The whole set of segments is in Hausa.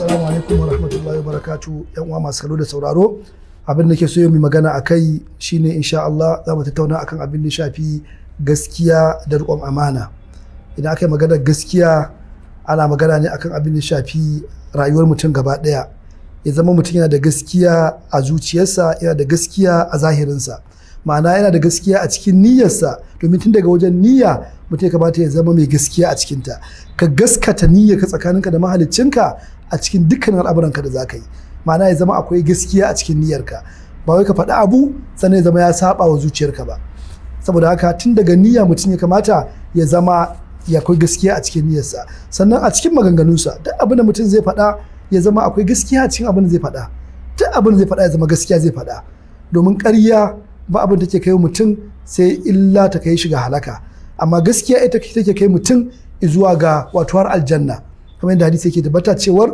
Assalamu alaikum wa rahmatullahi wa barakatu yan uwa masu kallo da sauraro abin da ke so mu magana a kai shine insha Allah za mu tattauna akan abin da shafi gaskiya da riƙon amana idan aka yi magana gaskiya ana magana ne akan abin da shafi rayuwar mutum gaba ɗaya ya zama mutum yana da gaskiya a zuciyarsa yana da gaskiya a zahirinsa ma'ana yana da gaskiya a cikin niyyarsa domin tun daga wajen niyya mutum ya kamata ya zama mai gaskiya a cikinta ka gaskata niyya ka tsakaninka da mahaliccinka a cikin dukkanin al'amuranka da za ka yi ma'ana ya zama akwai gaskiya a cikin niyyarka ba wai ka faɗi abu sannan ya zama ya saba wa zuciyarka ba saboda haka tun daga niyya mutum ya kamata ya zama ya akwai gaskiya a cikin niyyarsa sannan a cikin maganganunsa duk abin da mutum zai faɗa ya zama akwai gaskiya a cikin abin da zai faɗa duk abin da zai faɗa ya zama gaskiya zai faɗa domin ƙarya ba abin take kai mutum sai illa ta kai shi ga halaka amma gaskiya ita take kai mutum zuwa ga watuwar aljanna kamar yadda hadisi yake tabbata cewar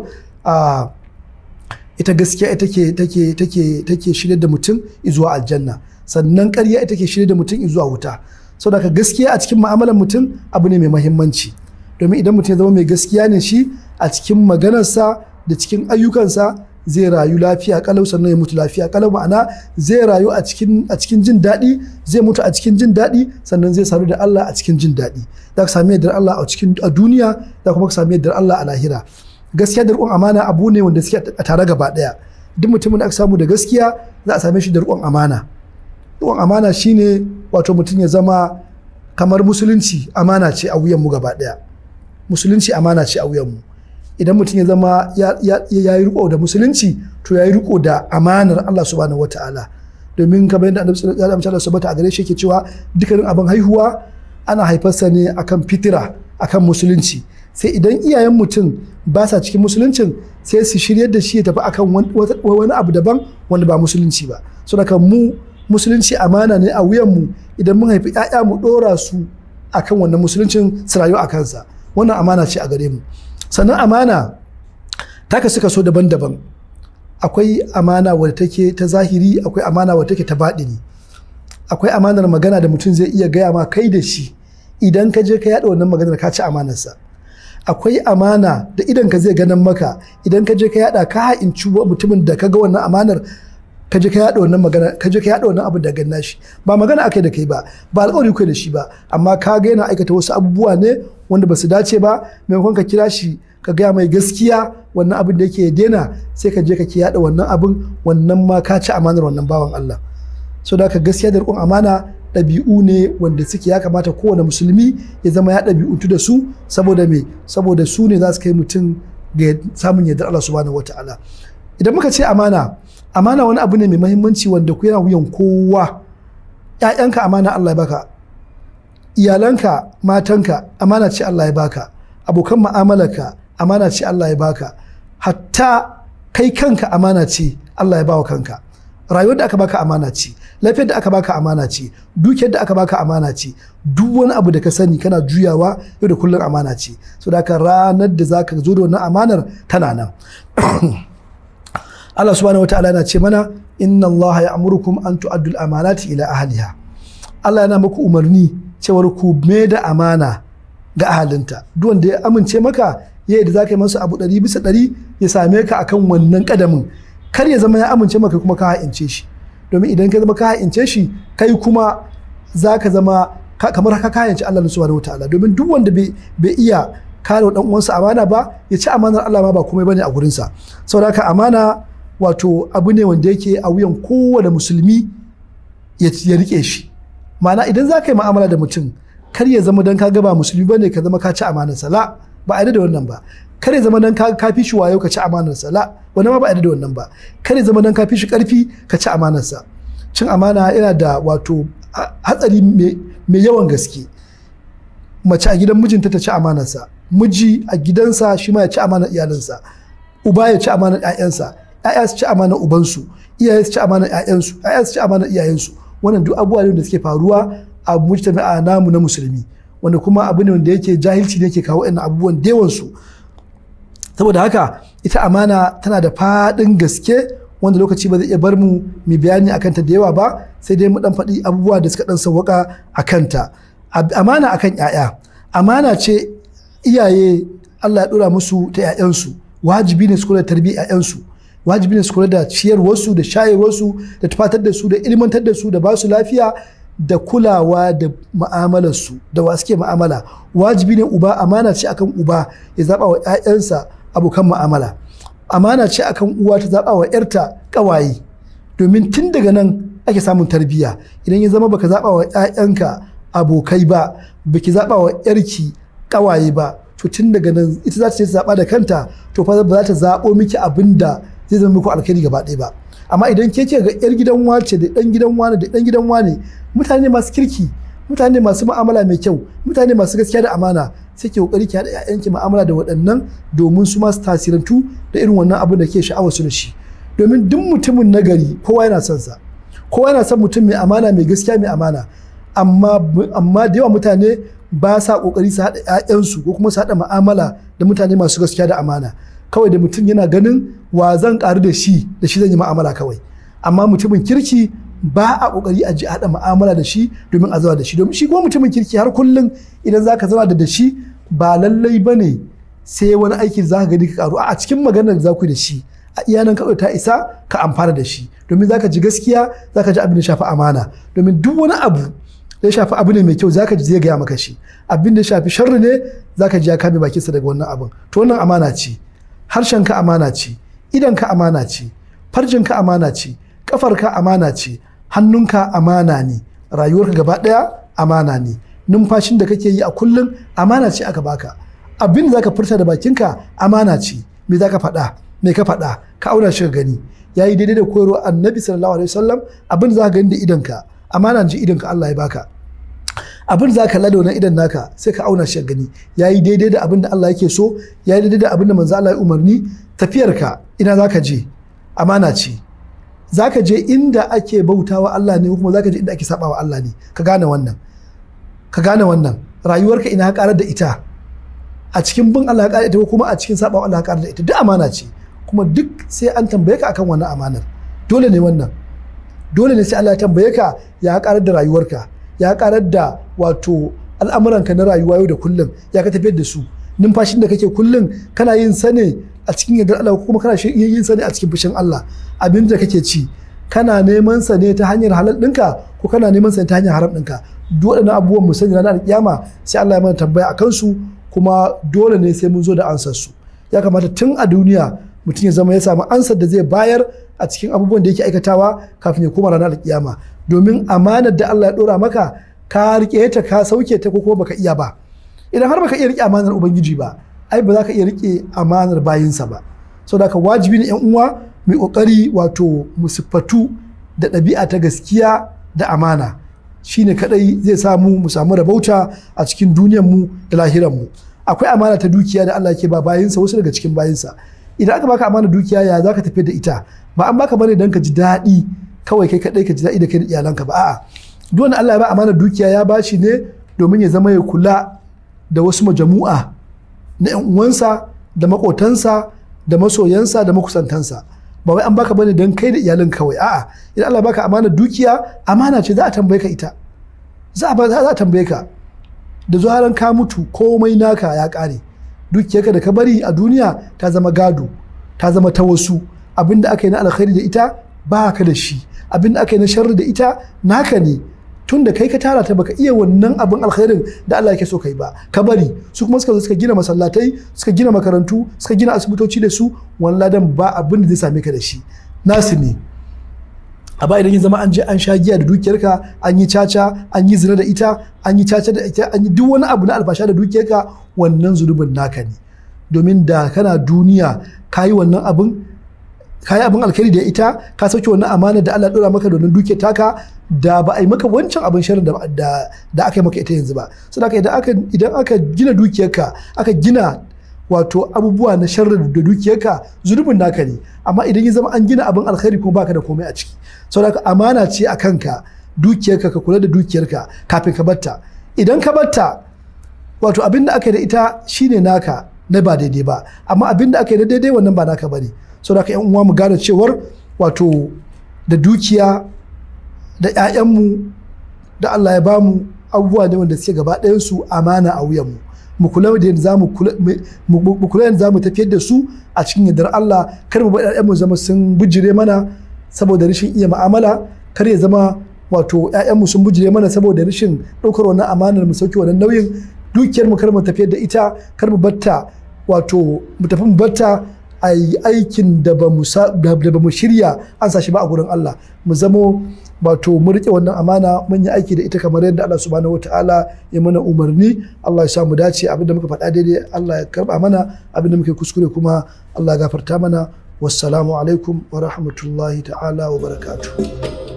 ita gaskiya ita ke take take take shirye da mutum zuwa aljanna sannan ƙarya ita ke shirye da mutum zuwa wuta sau da gaskiya a cikin mu'amalar mutum abu ne mai mahimmanci domin idan mutum ya zama mai gaskiya ne shi a cikin maganarsa da cikin ayyukansa zai rayu lafiya kalau sannan ya mutu lafiya kalau ma'ana zai rayu a cikin jin daɗi zai mutu a cikin jin daɗi sannan zai sadu da Allah a cikin jin daɗi za ka sami yadda Allah a cikin duniya za kuma ka sami yadda Allah a lahira gaskiya da riƙon amana abu ne wanda suke a tare gaba ɗaya duk mutumin da aka samu da gaskiya za a same shi da riƙon amana riƙon amana shine wato mutum ya zama kamar musulunci amana ce a wuyanmu gaba ɗaya musulunci amana ce a wuyanmu mu idan mutum ya zama ya yi riko da musulunci to ya yi riko da amanar Allah subhanahu wataala domin kamar yadda annabi sallallahu alaihi wasallam sabata a gare shi yake cewa dukkanin abin haihuwa ana haifarsa ne akan fitira akan musulunci sai idan iyayen mutum ba sa cikin musuluncin sai su shiryar da shi ya tafi akan wani abu daban wanda ba musulunci ba saboda kan mu musulunci amana ne a wuyan mu idan mun haifi 'ya'ya mu dora su akan wannan musuluncin su rayu a kansa wannan amana ce a gare mu sannan amana ta kasu kaso daban-daban akwai amana wadda take ta zahiri akwai amana wadda take ta baɗini akwai amanar magana da mutum zai iya gaya ma kai da shi idan ka je ka yaɗa wannan magana ka ci amanarsa akwai amana da idan ka zai ganin maka idan ka je ka yaɗa ka ha'inci mutumin da ka ga wannan amanar ka ka yaɗa wannan magana ka je ka yaɗa wannan abu da ganna shi ba magana akai da kai ba ba alƙawari kai da shi ba amma ka ga yana aikata wasu abubuwa ne wanda ba su dace ba maimakon ka kira shi ka gaya mai gaskiya wannan abin da yake daina sai ka je ka ke yaɗa wannan abin wannan ma ka ci amanar wannan bawan Allah so da ka gaskiya da riƙon amana ɗabi'u ne wanda suke ya kamata kowane musulmi ya zama ya ɗabi'utu da su saboda me saboda su ne za su kai mutum ga samun yardar Allah subhanahu wataala idan muka ce amana amana wani abu ne mai mahimmanci wanda ku yana wuyan kowa ‘ya'yanka amana Allah ya baka iyalanka matanka amana ce Allah ya baka abokan ma'amalarka amana ce Allah ya baka hatta kai kanka amana ce Allah ya bawa kanka rayuwar da aka baka amana ce lafiyar da aka baka amana ce dukiyar da aka baka amana ce duk wani abu da ka sani kana juyawa yau da kullum amana ce so da ranar da zaka zo da wannan amanar tana nan Allah subhanahu ta'ala yana ce mana inna Allah ya amurukum an tu'addu al-amanati ila ahliha Allah yana muku umarni cewar ku mai da amana ga ahalinta duk wanda ya amince maka yayi da zaka yi masa abu ɗari bisa ɗari ya same ka akan wannan kadamin kar ya zama ya amince maka kuma ka ha'ince shi domin idan ka zama ka ha'ince shi kai kuma zaka zama kamar ka haince Allah subhanahu ta'ala domin duk wanda bai iya kare dan uwansa amana ba ya ci amanar Allah ma ba komai bane a gurinsa saboda ka amana wato abu ne wanda yake a wuyan kowane musulmi ya rike shi ma'ana idan za ka yi ma'amala da mutum kar ya zama don ka gaba musulmi bane ka zama ka ci amanar sala ba a da wannan ba kar ya zama don ka fi shi wayo ka ci amanar sala wannan ma ba a da wannan ba kar ya zama don ka fi shi karfi ka ci amanar sa cin amana yana da wato hatsari mai yawan gaske mace a gidan mijinta ta ci amanar sa miji a gidansa shi ma ya ci amanar iyalinsa uba ya ci amanar 'ya'yansa 'ya'ya su ci amanar ubansu iyaye su ci amana 'ya'yansu 'ya'ya su ci amanar iyayensu wannan duk abubuwa ne da suke faruwa a mujtami a namu na musulmi wanda kuma abu ne wanda yake jahilci ne ke kawo ɗan abubuwan dewan su saboda haka ita amana tana da faɗin gaske wanda lokaci ba zai iya bar mu mu bayani akan ta da yawa ba sai dai mu dan faɗi abubuwa da suka dan sawwaka akan ta amana akan 'ya'ya amana ce iyaye Allah ya dora musu ta 'ya'yansu wajibi ne su kula da tarbiyyar 'ya'yansu wajibi ne su kula da ciyarwarsu da shayarwarsu da tufatar da su da ilmantar da su da ba su lafiya da kulawa da mu'amalarsu da wa suke ma'amala wajibi ne uba amana ce akan uba ya zaba wa 'ya'yansa abokan ma'amala amana ce akan uwa ta zaba wa 'yarta kawaye domin tun daga nan ake samun tarbiyya idan ya zama baka zaba wa 'ya'yanka abokai ba baki zaba wa 'yarki kawaye ba to tun daga nan ita za ta ce zaba da kanta to fa ba za ta zabo miki abinda zai zama muku alkhairi gaba ɗaya ba amma idan ke ce ga yar gidan wace da dan gidan wane da dan gidan wane mutane masu kirki mutane masu mu'amala mai kyau mutane masu gaskiya da amana sai ke kokari ki hada ƴaƴanki mu'amala da waɗannan domin su masu tasirantu da irin wannan abin da ke sha'awar su da shi domin duk mutumin nagari kowa yana son sa kowa yana son mutum mai amana mai gaskiya mai amana amma amma da yawa mutane ba sa kokari su haɗa ƴaƴansu ko kuma su haɗa ma'amala da mutane masu gaskiya da amana kawai da mutum yana ganin wa zan karu da shi da shi zan yi ma'amala kawai amma mutumin kirki ba a kokari a ji haɗa ma'amala da shi domin a zama da shi domin shi kuma mutumin kirki har kullum idan za ka zama da shi ba lallai bane sai wani aiki za ka gani ka karu a cikin maganar da za ku da shi a iyanan ka ta isa ka amfana da shi domin za ka ji gaskiya za ka ji abin da shafi amana domin duk wani abu da ya shafi abu ne mai kyau zaka ji zai gaya maka shi abin da ya shafi sharri ne za ka ji ya kame bakinsa daga wannan abin to wannan amana ce harshen ka amana ce idanka amana ce ka amana ce kafarka amana ce hannunka amana ne rayuwarka gaba ɗaya amana ne numfashin da kake yi a kullum amana ce aka baka abin da zaka furta da bakin ka amana ce me zaka faɗa me ka faɗa ka auna shi gani yayi daidai da koyarwa annabi sallallahu alaihi wasallam abin da zaka gani da idanka amana ji idanka Allah ya baka abin za ka lada na idan naka sai ka auna shi gani ya yi daidai da abin da Allah yake so ya yi daidai da abin da manzo Allah ya umarni tafiyarka ina za ka je amana ce za ka je inda ake bautawa Allah ne kuma za ka je inda ake sabawa Allah ne ka gane wannan ka gane wannan rayuwarka ina karar da ita a cikin bin Allah ka ita kuma a cikin sabawa Allah ka da ita duk amana ce kuma duk sai an tambaye ka akan wannan amanar dole ne wannan dole ne sai Allah ya tambaye ka ya karar da rayuwarka ya karar da wato al'amuranka na rayuwa yau da kullum ya ka tafiyar da su numfashin da kake kullum kana yin sane a cikin yardar Allah kuma kana yin sane a cikin fushin Allah abin da kake ci kana neman sa ne ta hanyar halal ɗinka ko kana neman sa ne ta hanyar haram ɗinka duk waɗannan abubuwan mu sani ranar kiyama sai Allah ya mana tambaya akan su kuma dole ne sai mun zo da ansar su ya kamata tun a duniya mutum ya zama ya samu ansar da zai bayar a cikin abubuwan da yake aikatawa kafin ya koma ranar kiyama domin amanar da Allah ya dora maka ka rike ta ka sauke ta ko kuma baka iya ba idan har baka iya rike amanar ubangiji ba ai ba za ka iya rike amanar bayinsa ba saboda ka wajibi ne yan uwa mai kokari wato musiffatu da ɗabi'a ta gaskiya da amana shine kadai zai samu mu samu rabauta a cikin duniyar mu da lahiran mu akwai amana ta dukiya da Allah ke ba bayinsa wasu daga cikin bayinsa idan aka baka amana dukiya ya zaka tafi da ita ba an baka bane dan ka ji daɗi kawai kai kaɗai ka ji daɗi da kai da iyalanka ba a'a duk wanda Allah ya ba amana dukiya ya bashi ne domin ya zama ya kula da wasu majamu'a na yan uwansa da makotansa da masoyansa da makusantansa ba wai an baka bane dan kai da iyalin kawai a'a idan Allah baka amana dukiya amana ce za a tambaye ka ita za a tambaye ka da zuharan ka mutu komai naka ya kare dukiyarka da ka bari a duniya ta zama gado ta zama ta wasu abin da aka yi na alkhairi da ita ba ka da shi abin da aka yi na sharri da ita naka ne tun da kai ka tara ta baka iya wannan abin alkhairin da Allah yake so kai ba ka bari su kuma suka zo suka gina masallatai suka gina makarantu suka gina asibitoci da su wannan ladan ba abin da zai same ka da shi nasu ne a idan ya zama an je an sha giya da dukiyarka an yi caca an yi zina da ita an yi caca da ita an yi duk wani abu na albasha da dukiyarka wannan zunubin naka ne domin da kana duniya ka yi wannan abin ka yi abin alkhairi da ita ka sauke wannan amana da Allah dora maka domin dukiyar taka da ba a yi maka wancan abin sharin da aka yi maka ita yanzu ba saboda idan idan aka gina dukiyarka aka gina wato abubuwa na sharri da dukiyarka zurubin naka ne amma idan ya zama an gina abin alkhairi kuma baka da komai a ciki saboda amana ce a kanka dukiyarka ka kula da dukiyarka kafin ka batta idan ka batta wato abin da aka yi da ita shine naka na ba daidai ba amma abin da aka yi da daidai wannan ba naka bane saboda ka yan uwa mu gane cewar wato da dukiya da ƴaƴanmu da Allah ya bamu abubuwa ne wanda suke gaba ɗayan su amana a wuyanmu mu kula da yadda mu kula da tafiyar da su a cikin yadda Allah kar mu bar mu zama sun bujire mana saboda rashin iya mu'amala kar ya zama wato mu sun bujire mana saboda rashin ɗaukar wannan amanar mu sauke wannan nauyin dukiyar mu kar mu tafiyar da ita kar mu batta wato mu tafi mu batta a yi aikin da ba mu shirya an sashi ba a gurin Allah mu zamo wato mu rike wannan amana mun yi aiki da ita kamar yadda Allah subhanahu wataala ya mana umarni Allah ya sa mu dace abinda muka faɗa daidai Allah ya karba mana abinda muka kuskure kuma Allah ya gafarta mana wassalamu alaikum wa rahmatullahi ta'ala wa barakatuh